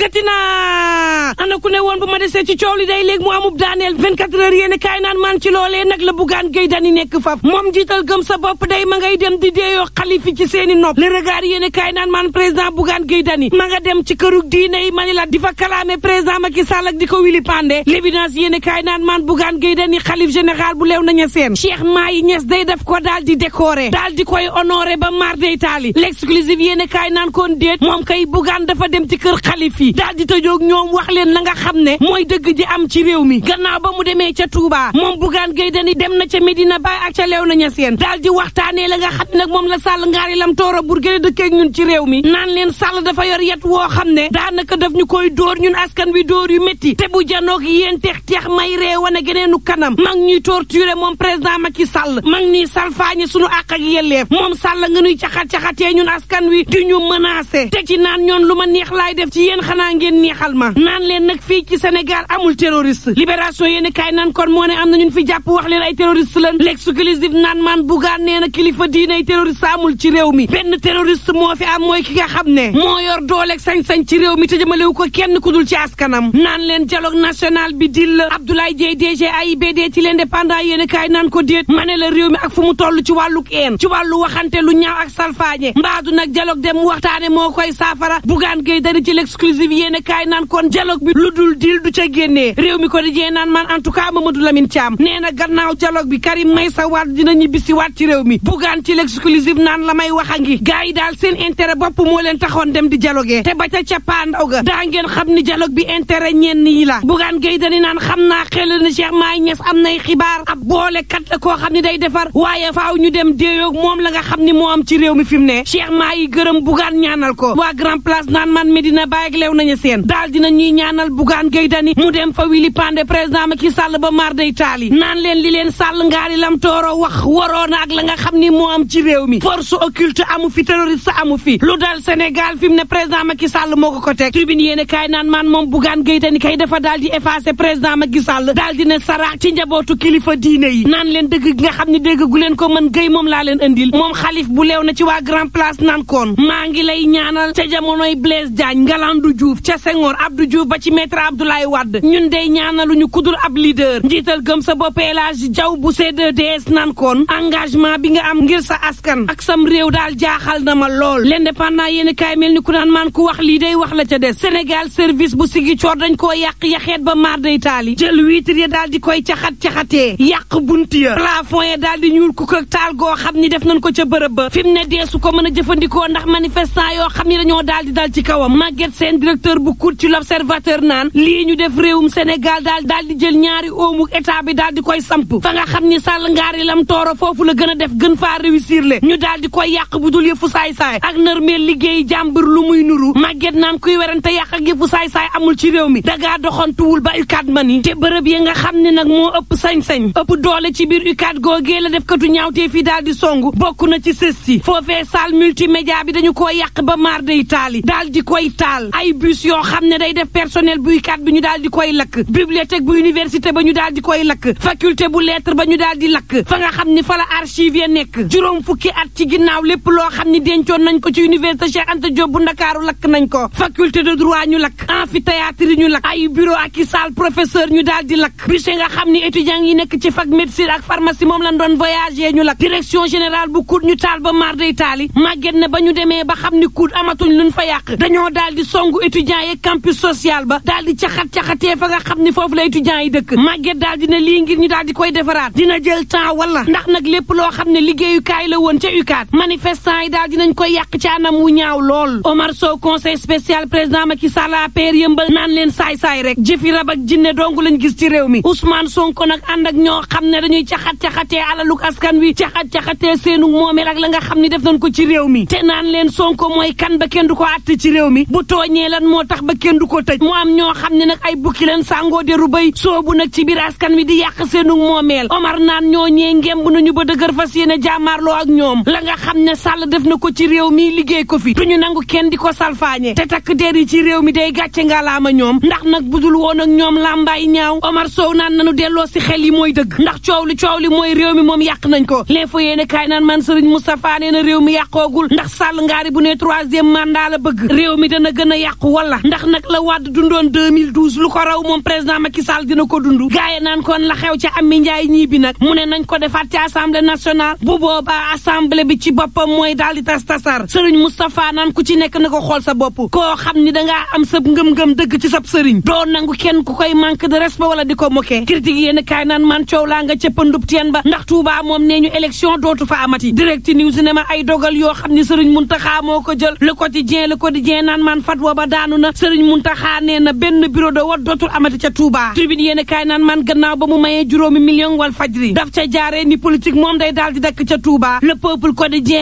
dikkati na ana ku ne woon bu ma desee ci coow li day léegi mu amub daaneel 24 heures yéen kaay naan man ci loolee nag la bugaan géy dani nekk faf moom jiital gëm sa bopp day ma dem di deeyoo xalifi ci seeni nopp le regard yéen kaay président bugaan géy dani ma nga dem ci kërug diine yi mani la di fa kalaame président Macky Sall di ko wili pande l'évidence yéen kaay bugaan géy xalif général bu leew naña seen Cheikh Mahi Niass day di décoré daal di koy honoré ba mar day taali l'exclusive yéen yi daal di tëjoog ñoom wax leen la nga xam ne mooy dëgg ji am ci réew mi gannaaw ba mu demee ca Touba moom Bougane Gueye Dany dem na ca Medina ba ak ca Léona Niassène daal di waxtaanee la nga xam ne nag moom la Sall ngaari lam toora bur gën a dëkkeeg ñun ci réew mi naan leen Sall dafa yor yet woo xam ne daanaka daf ñu koy dóor ñun askan wi dóor yu métti te bu janoog yéen teex teex may ree wane geneenu kanam mag ñuy torturer moom président Macky Sall mag ñuy salfaañe suñu àq ak yelleef moom Sall nga ñuy caxat-caxatee ñun askan wi ñu menacer te ci naan ñoon lu ma neex laay def ci yéen xanaa xanaa ngeen neexal ma naan leen nag fii ci Sénégal amul terroriste libération yéen nan naan kon moo ne am na ñun fi jàpp wax leen ay terroriste lan l'exclusif naan man bugaan nee na kilifa diinay terroriste amul ci réew mi benn terroriste moo fi am mooy ki nga xam ne moo yor dooleeg sañ-sañ ci réew mi te jëmalewu ko kenn ku dul ci askanam naan leen dialogue national bi dil la Abdoulaye Dieye DG AIBD ci l'indépendant yéen kaay naan ko déet ma ne la réew mi ak fu mu toll ci wàlluk een ci wàllu waxante lu ñaaw ak salfaañe mbaadu nag dialogue dem waxtaane moo koy saafara bugaan gay dari ci l'exclusif exclusive yéen a kaay naan kon dialogue bi lu dul dil du ca réew mi ko di jee naan man en tout cas Mamadou Lamine Thiam nee na gannaaw dialogue bi Karim Meïssa Wade dina si waat ci réew mi bugaan ci l'exclusive naan la may wax a ngi gars yi daal seen intérêt bopp moo leen taxoon dem di dialogué te ba ca cappaandaw ga daa ngeen xam ni dialogue bi intérêt ñenn yi la bugaan gay dani naan xam naa xel ni Cheikh Maay Ñas am nay xibaar ab boolekat la koo xam ne day defar waaye faaw ñu dem déeyoog moom la nga xam ni moo am ci réew mi fi mu ne Cheikh Maay yi gërëm bugaan ñaanal ko teew nañu seen daal dina ñuy ñaanal Bougane Gueye Dany mu dem fa wili pande président Macky Sall ba maar day taal yi naan leen li leen sàll ngaari lam tooro wax waroona ak la nga xam ni moo am ci réew mi force occulte amu fi terroriste amu fi lu dal Sénégal fi ne président Macky Sall ko teg tribune yéen kaay naan maan moom Bougane Gueye kay dafa daal di effacé président Macky ne saraax ci njabootu kilifa diine yi naan leen dëgg nga xam ne dégg gu ko mën Gueye moom laa Diouf ca Senghor Abdou Diouf ba ci maître Abdoulaye Wade ñun dey ñaanaluñu kudul ab leader njiital gëm sa bopp El Hadji bu C2DS nan koon engagement bi nga am ngir sa askan ak sam réew daal jaaxal na ma lool l'indépendant yéen kaay mel ni ku naan maan ku wax lii day wax la ca des Sénégal service bu sigi coor dañ koo yàq yaxeet ba maar day taali jël wiitir ya daal di koy caxat-caxatee yàq bunt ya plafond ya daal di ñuul kuk ak taal goo xam ni def nañ ko ca bërëb ba fi mu ne deesu ko mën a jëfandikoo ndax manifestant ni dañoo daal di dal directeur bu kut ci l'observateur naan lii ñu def réewum Sénégal daal daal di jël ñaari oomu état bi daal di koy samp fa nga xam ni sàll ngaari lam tooro foofu la gën a def gën faa réussir le ñu daal di koy yàq bu dul yëfu saay-saay ak nërmeel liggéey jàmbur lu muy nuru màgget naan kuy werante yàq ak yëfu saay-saay amul ci réew mi dagaa doxantuwul ba UCAD ma ni te bërëb yi nga xam ne nag moo ëpp sañ-sañ ëpp doole ci biir UCAD googee la def katu ñaawtee fii daal di songu bokk na ci sës si foofee salle multimédia bi dañu ko yàq ba maar day taali daal di koy taal bus yoo ne day def personnel buykat bi ñu daal di koy lakk bibliothèque bu université ba ñu daal di koy lakk faculté bu lettre ba ñu daal di lakk fa nga xam ni fa nekk juróom fukki at ci ginnaaw lépp loo xam ni dencoon nañ ko ci université Cheikh Anta Diop bu Ndakaaru lakk nañ ko faculté de droit ñu lakk amphithéâtre yi ñu lakk ay bureau ak i salle professeur ñu daal di lakk bus yi nga xam ni étudiants yi nekk ci fag médecine ak pharmacie moom lañ doon voyager ñu lakk direction général bu COUD ñu taal ba mar day taali màgget na ba ñu demee ba xam ni COUD amatuñ luñ fa yàq dañoo daal di songu étudiants yi campus social ba daal di caxat-caxatee fa nga xam ni foofu la étudiants yi dëkk màgget daal dina lii ngir ñu daal di koy defaraat dina jël temps wala ndax nag lépp loo xam ne liggéeyukaay la woon ca UCAD manifestant yi daal dinañ koy yàq ci anam wu ñaaw lool Omar Sow conseil spécial président Macky Sall APR yëmbal naan leen saay-saay rek jëfi rab ak jinne dong lañ gis ci réew mi Ousmane Sonko nag ànd ak ñoo xam ne dañuy caxat-caxatee alaluk askan wi caxat-caxatee seenu moomeel ak la nga xam ni def nañ ko ci réew mi te naan leen Sonko mooy kan kenn du ko àtt ci réew mi bu tooñee moo tax ba kenn du ko tëj mu am ñoo xam ne nag ay bukki leen sàngoo deru béy soobu nag ci biir askan wi di yàq seenu moomeel Omar naan ñoo ñee ngemb nañu ba dëgër fas yéene jàmmaarloo ak ñoom la nga xam ne Sall def na ko ci réew mii liggéey ko fi duñu nangu kenn di ko salfaañe te takk der yi ci réew mi day gàcce ma ñoom ndax nag budul woon ak ñoom làmbaay ñaaw Omar Sow naan nanu delloo si xel yi mooy dëgg ndax coow li coow li mooy réew mi moom yàq nañ ko l'info yéene kaay naan man sëriñ Moustapha nee na réew mi yàqoogul ndax Sall ngaari bu ne troisième la bëgg réew mi dana gën a yàqu wala ndax nag la Wade dundoon 2012 lu ko raw moom président Macky Sall dina ko dund gaaye naan kon la xew ca Amy Ndiaye ñii bi nag mu ne nañ ko defaat ci assemblée nationale bu boobaa assemblée bi ci boppam mooy daal di tas tasar sëriñ Moustapha naan ku ci nekk na ko xool sa bopp koo xam ni dangaa am sab ngëm-ngëm dëgg ci sab sëriñ doo nangu kenn ku koy manque de respect wala di ko moqué critique yéen kaay naan man coow laa nga cëppandub teen ba ndax Touba moom ñu élection dootu fa amati direct news ne ma ay dogal yoo xam ni sëriñ Mountakha moo ko jël le quotidien le quotidien naan man fatwa ba daanu na sëriñ Muntaxa nee na benn bureau de vote dootul amati ca Touba tribune yéen kaay naan man gannaaw ba mu mayee juróomi million wal fajri daf ca jaaree ni politique moom day daal di dakk ca Touba le peuple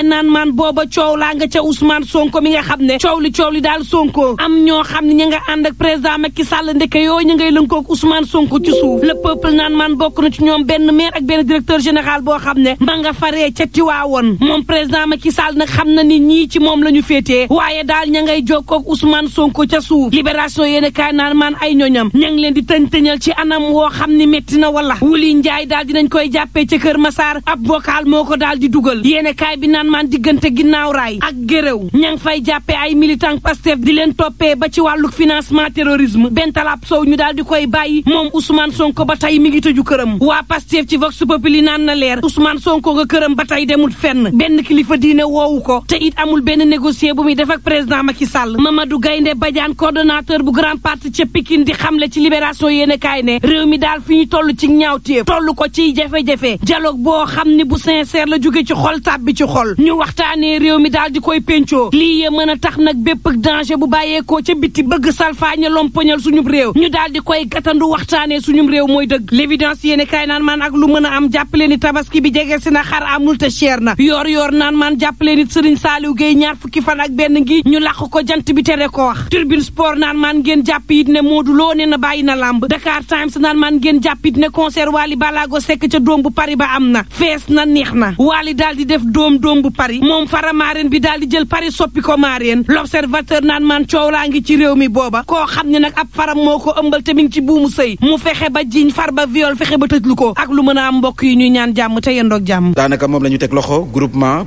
naan man booba coow laa nga ca Ousmane Sonko mi nga xam ne coow li coow li daal Sonko am ñoo xam ne ña nga ànd ak président Macky Sall ndeke yoo ñu ngay lënkoog Ousmane Sonko ci suuf le peuple naan man bokk na ci ñoom benn maire ak benn directeur général boo xam ne ma nga faree ca Tiwaawoon moom président Macky Sall nag xam na ni ñii ci moom la ñu féetee waaye daal ña ngay jokkoog Ousmane Sonko ca suuf libération yéen kaay naan maan ay ñoñam ña ngi leen di tëñ-tëñal ci anam woo xam ni métti na wala wuli njaay daal nañ koy jàppee ca kër Masaar ab vocal moo ko daal di dugal yéen kaay bi naan maan diggante ginnaaw raay ak géréw ña ngi fay jàppee ay militant Pastef di leen toppee ba ci wàllu financement terrorisme bentalab sow ñu daal di koy bàyyi moom Ousmane Sonko ba tey mi ngi tëju këram waa Pastef ci vox populi naan na leer Ousmane Sonko nga këram ba tey demul fenn benn kilifa diine woowu ko te it amul benn négocier bu muy def ak président Macky Sall Mamadou Gaynde Ndeye Badiane coordonnateur bu grand parti ca Pikine di xamle ci libération yéenekaay ne réew mi daal fi ñu toll ci ñaaw ñaawteef tollu ko ci jafe-jafe dialogue boo xam ni bu sincère la jóge ci xol tàbbi ci xol ñu waxtaanee réew mi daal di koy péncoo lii yee mën a tax nag bépp danger bu bàyyeekoo ca biti bëgg salfaañe lompoñal suñu réew ñu daal di koy gatandu waxtaanee suñu réew mooy dëgg l'évidence yéenekaay naan maan ak lu mën a am jàppale ni tabaski bi jege si na xar amul te cher na yoor yoor naan maan jàppale ni Serigne Saliou Gueye ñaar fukki fan benn ngi ñu làq ko jant bi tere ko wax Tribune naan maan ngeen jàpp it ne Modou loo ne na bàyyi na làmb Dakar Times naan maan ngeen jàpp it ne concert Wally Ballago Seck ca doom bu Paris ba am na fees na neex na Wally daal di def doom doom bu Paris moom fara maareen bi daal di jël Paris soppi ko maareen L'Observateur naan maan coow laa ngi ci réew mi booba ko xam ne nag ab faram moo ko ëmbal te mi ngi ci buumu sëy mu fexe ba jiiñ far ba viol fexe ba tëjlu ko ak lu mën a am mbokk yi ñuy ñaan jàmm te yendoog jàmm daanaka moom la ñu teg loxo groupement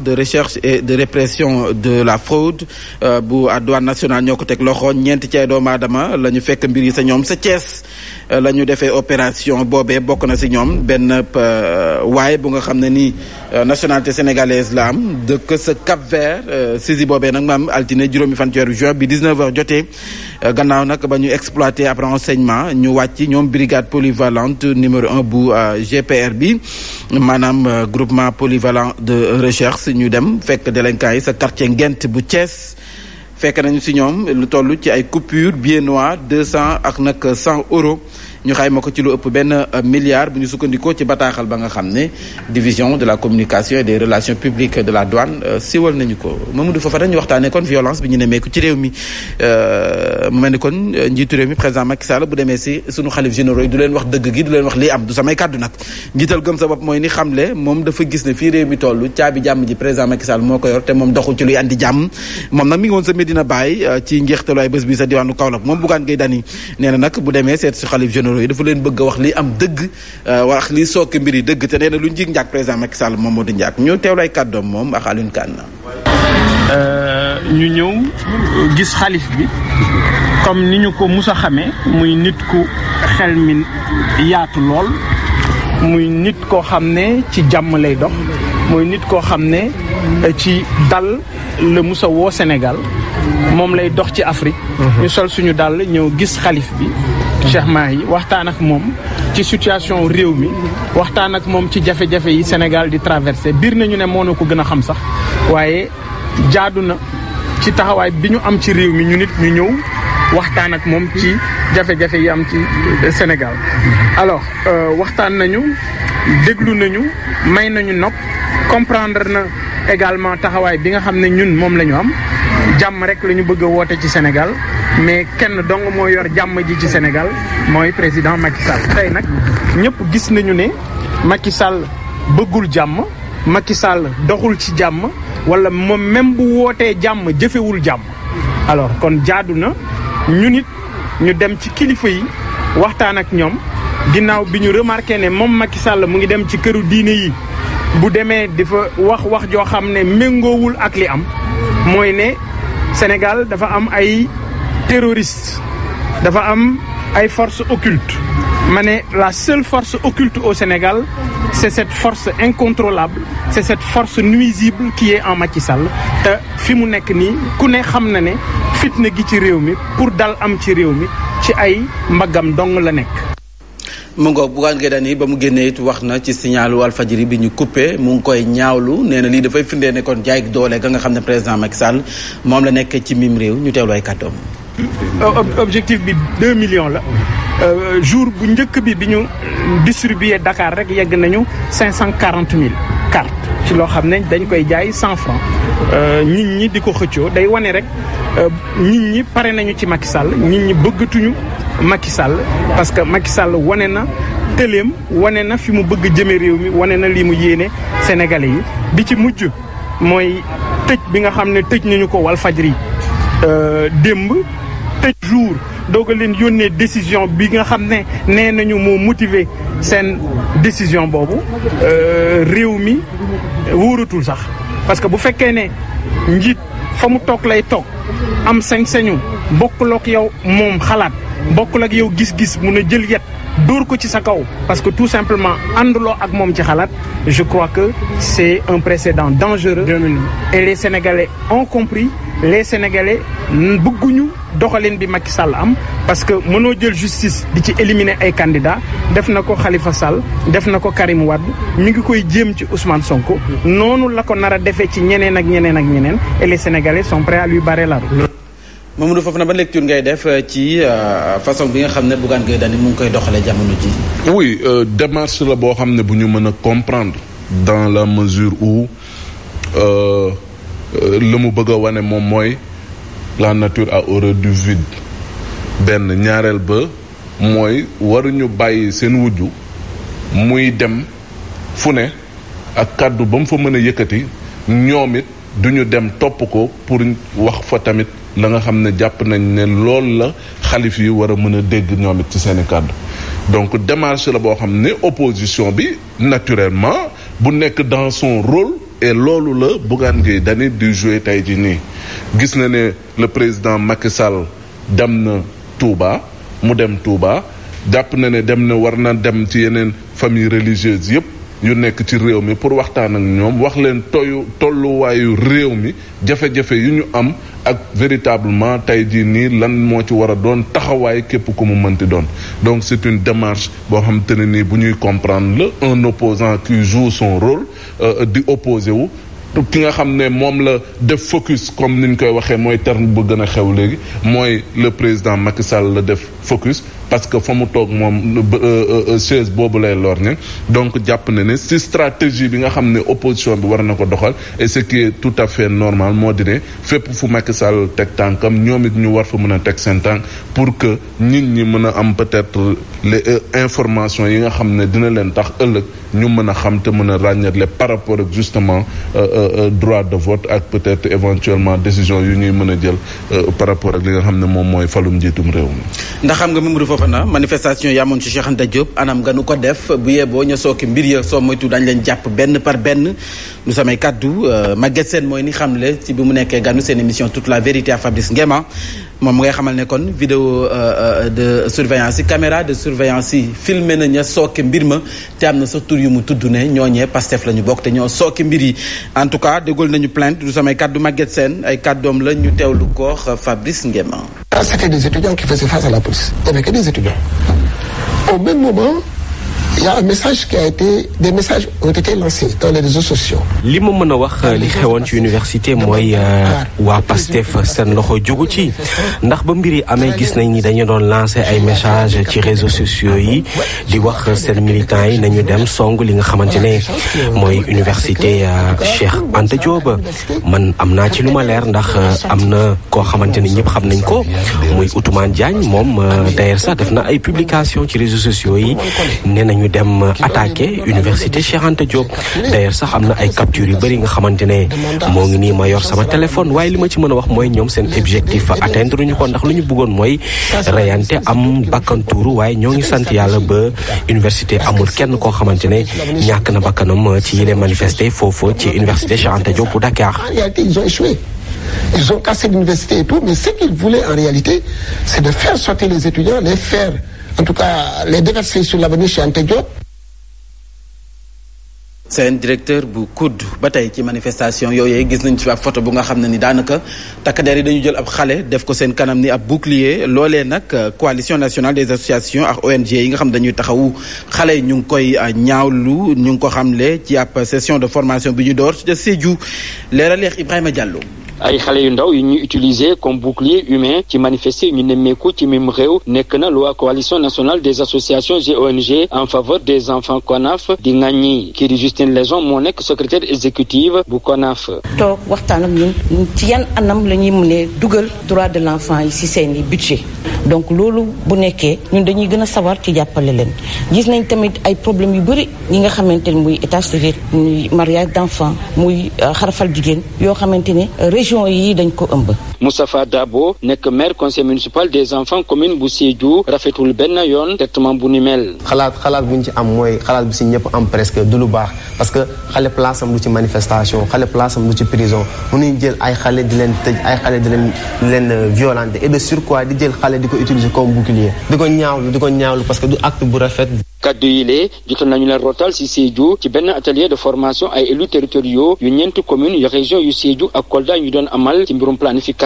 de recherche de répression de la fraude euh, bu àdduwaan nationale ñoo ko teg loxo ñeent ci ay doomu aadama la ñu fekk mbir yi sa ñoom sa Thiès euh, la ñu defee opération boobee bokk na si ñoom benn euh, waaye bu nga xam ne ni euh, nationalité sénégalaise laam de dëkk sa Cap Vert saisi boobee nag maam altine juróomi fan ci weeru juin bi 19h jotee gannaaw nag ba ñu exploité après enseignement ñu wàcc ñoom brigade polyvalente numéro un bu GPR bi maanaam groupement polyvalent de recherche ñu dem fekk délinquants yi sa quartier bu Thiès fekk nañu si ñoom lu toll ci ay coupure bien noir deux cent ak nag cent euros ñu ma ko ci lu ëpp benn euh, milliard bu ñu sukkandikoo ci bataaxal ba nga xam ne division de la communication et des relations publiques de la douane euh, siwal nañu ko Mamadou Fafa dañu waxtaanee kon violence bi ñu nemee ko ci réew mi euh, mu mel ni kon njiitu réew mi président Macky bu demee si sunu xalif généraux yi du leen wax dëgg gi du leen wax li am du samay kàddu nag njiital gëm sa bopp mooy ni xamle moom dafa gis ne fii réew mi toll caabi jàmm ji président Macky Sall moo ko yor te moom doxul ci luy andi jàmm moom nag mi ngi woon généraux dafa leen bëgg a wax li am dëgg euh, wax li sooke mbir yi dëgg te nee na lu njig njaak président Macky Sall moom moo di njaak ñu teew lay kàddoom moom ak Alioune Kane euh, ñu ñëw gis xalif bi comme ni ñu ko mus a xamee muy nit ku xel mi yaatu lool muy nit koo xam ne ci jàmm lay nit koo xam ne ci dal la mus woo senegal moom lay dox ci Afrique. Mhm. ñu sol suñu dàll ñëw gis xalif bi. Mhm. Cheikh Mahi waxtaan ak moom ci situation réew mi waxtaan ak moom ci jafe-jafe yi Sénégal di traversé biir nañu ne moo na ko gën a xam sax waaye jaadu na ci taxawaay bi ñu am ci réew mi ñu nit ñu ñëw waxtaan ak moom ci jafe-jafe yi am ci Sénégal. Mhm. alors euh, waxtaan nañu déglu nañu may nañu nopp comprendre na également taxawaay bi nga xam ne ñun moom la ñu am. jàmm rek la ñu bëgg woote ci Sénégal mais kenn dong mooy yor jàmm ji ci Sénégal mooy président Macky Sall. tey nag ñëpp gis nañu ne Macky Sall bëggul jàmm Macky Sall doxul ci jàmm wala moom même bu wootee jàmm jëfewul jàmm. alors kon jaadu na ñu nit ñu dem ci kilifa yi waxtaan ak ñoom ginnaaw bi ñu remarqué ne moom Macky Sall mu ngi dem ci këru diine yi bu demee di fa wax wax joo xam ne méngoowul ak li am mooy ne. Sénégal dafa am ay terroristes dafa am ay forces occultes ma ne la seule force occulte au Sénégal c'est cette force incontrolable c'est cette force nuisible qui est en Macky Sall te fi mu nekk nii ku ne xam na ne fitna gi ci réew mi pour dal am ci réew mi ci ay mbaggam dong la nekk mu ngoog Bougane Gueye Dany ba mu génnee it wax na ci signal Walfadjri bi ñu coupé mu ngi koy ñaawlu nee na lii dafay firndee ne kon jaay doole ga nga xam ne président Macky Sall moom la nekk ci mim réew ñu teewlu ay kàddoom. objectif bi 2 millions la. Euh, jour bu njëkk bi bi ñu distribuer dakaar rek yegg nañu cinq cent quarante mille cartes ci loo xam ne dañ koy jaay 100 francs euh, nit ñi di ko xëccoo day wane rek euh, nit ñi pare nañu ci Macky Sall nit ñi bëggatuñu. Macky Sall parce que Macky Sall wane na tëleem wane na fi mu bëgg jëme réew mi wane na lii mu yéene Sénégalais yi bi ci mujj mooy tëj bi nga xam ne tëj nañu ko wal fajri euh, démb tëj jour doog leen yónnee décision bi nga xam ne nee nañu moo motiver seen décision boobu euh, réew mi wóoratul sax parce que bu fekkee ne njiit fa mu toog lay toog am sañ-sañu bokkulook yow moom xalaat bokkul ak yow gis-gis mun a jël yet dóor ko ci sa kaw parce que tout simplement ànduloo ak moom ci xalaat je crois que c'est un précédent dangereux et les Sénégalais ont compris les Sénégalais bëgguñu doxalin bi Macky Sall am parce que mënoo jël justice di ci éliminer ay candidats def na ko xalifa Sall def na ko Karim Wade mi ngi koy jéem ci Ousmane Sonko noonu la ko nar a defee ci ñeneen ak ñeneen ak ñeneen et les Sénégalais sont prêts à la Mamadou na ba lecture ngay def euh, ci euh, façon bi nga xam ne Bougane Gueye Dany mu ngi koy doxalee jamono ji oui euh, démarche la boo xam ne bu ñu mën a comprendre dans la mesure où lu mu bëgg a wane moom mooy la nature a horreur du vide benn ñaareel ba mooy waruñu bàyyi seen wujju muy dem fu ne ak kàddu ba mu fa mën a yëkkati ñoomit it duñu dem topp ko pour wax fa tamit la nga xam ne jàpp nañ ne lool la xalif yi war a mën a dégg ñoom ci seen i kàddu donc démarche la boo xam ne opposition bi naturellement bu nekk dans son rôle et loolu la Bougane Gueye Dany di jouer tey ji nii gis na ne le président Macky Sall dem na Touba mu dem Touba jàpp na ne dem na war na dem ci yeneen famille religieuse yëpp yu nekk ci réew mi pour waxtaan ak ñoom wax leen toyu tolluwaayu réew mi jafe-jafe yu ñu am ak véritablement tey jii nii lan moo ci war a doon taxawaay képp ku mu mënti doon donc c'est une démarche boo xam te ne nii bu ñuy comprendre la un opposant qui joue son rôle euh, di opposé wu ki nga xam ne moom la def focus comme ni ñu koy waxee mooy terme bu gën a xew léegi mooy le président Macky Sall la def focus parce que fa mu toog moom euh, euh, euh, chaise boobu lay lor ne donc jàpp na ne si stratégie bi nga xam ne opposition bi war na ko doxal et ce qui est tout à fait normal moo di fépp fu Macky Sall teg tànkam ñoom it ñu war fa mën a teg seen tànk pour que nit ñi mën a am peut-être les informations yi nga xam ne dina leen tax ëllëg ñu mën a xam te mën a ràññale par rapport ak justement droit de vote ak peut-être éventuellement décision yu ñuy mën a jël par rapport ak li nga xam ne moom mooy falum njiitum réew mi Fofana manifestation yi amoon ci Cheikh Anta Diop anam nga nu ko def bu yeboo ña sooki mbir ya soo moytu dañ leen jàpp benn par benn nu samay kaddu euh, Maguette seen mooy ni xamle ci bi mu nekkee ganu seen émission toute la vérité à Fabrice Ngema moom ngay xamal ne kon vidéo euh, euh, de surveillance yi caméra de surveillance yi filmé na ña sooke mbir ma te am na sax tur yu mu tudd ne ñoo ñooñee Pastef la ñu bokk te ñoo sooke mbir yi en tout cas déggool nañu plainte du samay kàddu Maguette Sène ay kàddoom la ñu teewlu ko euh, Fabrice Nguema. C'était des étudiants qui faisaient face à la police. Il n'y que des étudiants. y a un message qui a été des li ma mën a wax li xewoon ci université mooy ah. euh, waa PASTEF seen loxo jógu ci ndax ba mbir yi amee gis nañ ni dañu doon lancé ay messages ci réseaux sociaux yi di wax seen militants yi nañu dem song li nga xamante ne mooy université euh, Cheikh Anta Diop man am naa ci lu ma leer ndax euh, am na ko xamante ne ñëpp xam nañ ko muy Outoumane Diagne moom d'ailleurs sax def na ay publications ci réseaux sociaux yi nee nañu dem attaqué université Cheikh Anta Diop d'ailleurs sax am na ay capture yu bëri nga xamante ne moo ngi nii ma yor sama téléphone waaye li ma ci mën a wax mooy ñoom seen objectif atteindre ñu ko ndax lu ñu bëggoon mooy reyante am bakkantuuru waaye ñoo ngi sant yàlla ba université amul kenn koo xamante ne ñàkk na bakkanam ci yile manifester foofu ci université Cheikh Anta Diop bu Dakar. Ils ont cassé l'université et tout, en tout cas les déverser sur l'avenue Cheikh Anta Diop seen directeur bu kudd ba tey ci manifestation yooyee gis nañ ci ab photo bu nga xam ne ni daanaka takk der yi dañu jël ab xale def ko seen kanam ni ab bouclier loole nag euh, coalition nationale des associations ak ONG yi nga xam ne dañuy taxawu xale ñu ngi koy euh, ñaawlu ñu ngi ko xam le ci ab session de formation bi ñu door ci Sédhiou leeraleex Ibrahima Diallo ay xale yu ndaw yu ñuy utiliser comme bouclier humain ci manifester ñu nemmeeku ci même réew nekk na loi coalition nationale des associations et en faveur des enfants CONAF di ŋàññi kii di Justine Leson moo nekk secrétaire exécutive bu CONAF. toog waxtaan ñun ci yan anam la ñuy mënee dugal droit de l'enfant yi ci seen i budget donc loolu bu nekkee ñun dañuy gën a sawar ci jàppale leen gis nañ tamit ay problèmes yu bëri ñi nga xamante ne muy état civil muy mariage d'enfant muy euh, xarafal jigéen yoo xamante euh, région yi dañ ko ëmb Moustapha Dabo nekk maire conseil municipal des enfants commune bu Sédhiou rafetul benn yoon traitement bu ni xalaat xalaat bu ci am mooy xalaat bu si ñëpp am presque du lu baax parce que xale place am lu ci manifestation xale place am lu ci prison mënuñ jël ay xale di leen tëj ay xale di leen di euh, et de surcroît di jël xale di ko utiliser comme bouclier di ko ñaawlu di ko ñaawlu parce que du acte bu rafet. kaddu yi lee jotoon nañu leen rotal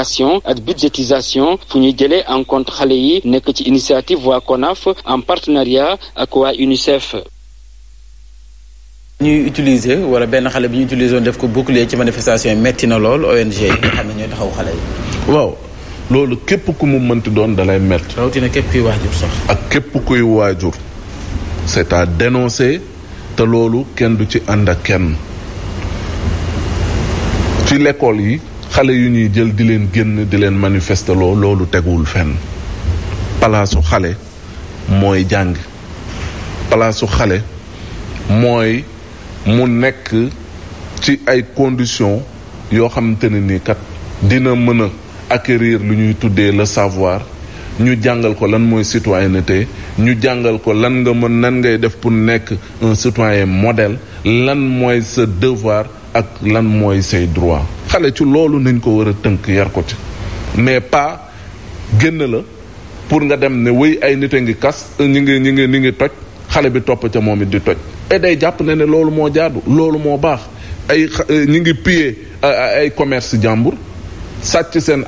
planification ak budgétisation fu ñuy jëlee en compte xale yi nekk ci initiative waa CONAF en partenariat ak waa UNICEF. ñuy utiliser wala benn xale bi ñu utiliser woon def ko bouclier ci manifestation yi metti na lool ONG yi nga xam ne ñooy taxaw xale yi. waaw loolu képp ku mu mënti doon dalay metti. rawatina képp kuy waajur sax. ak képp kuy waajur. c'est à dénoncer te loolu kenn du ci ànd ak kenn ci l'école yi. xale yu ñuy jël di leen génn di leen manifesteloo loolu teguwul fenn palaasu xale mooy jàng palaasu xale mooy mu nekk ci ay conditions yoo xamante ne ni kat dina mën a acquérir lu ñuy tuddee la savoir ñu jàngal ko lan mooy citoyenneté ñu jàngal ko lan nga mën nan ngay def pour nekk un citoyen modèle lan mooy sa devoir ak lan mooy say droit xale ci loolu nañ ko war a tënk yar ko ci mais pas génn la pour nga dem ne wéy ay nit a ngi kas ñi ngi ñi ngi ñi ngi toj xale bi topp ca moom it di toj et day jàpp na ne loolu moo jaadu loolu moo baax ay ñi ngi piller ay commerce jàmbur sàcc seen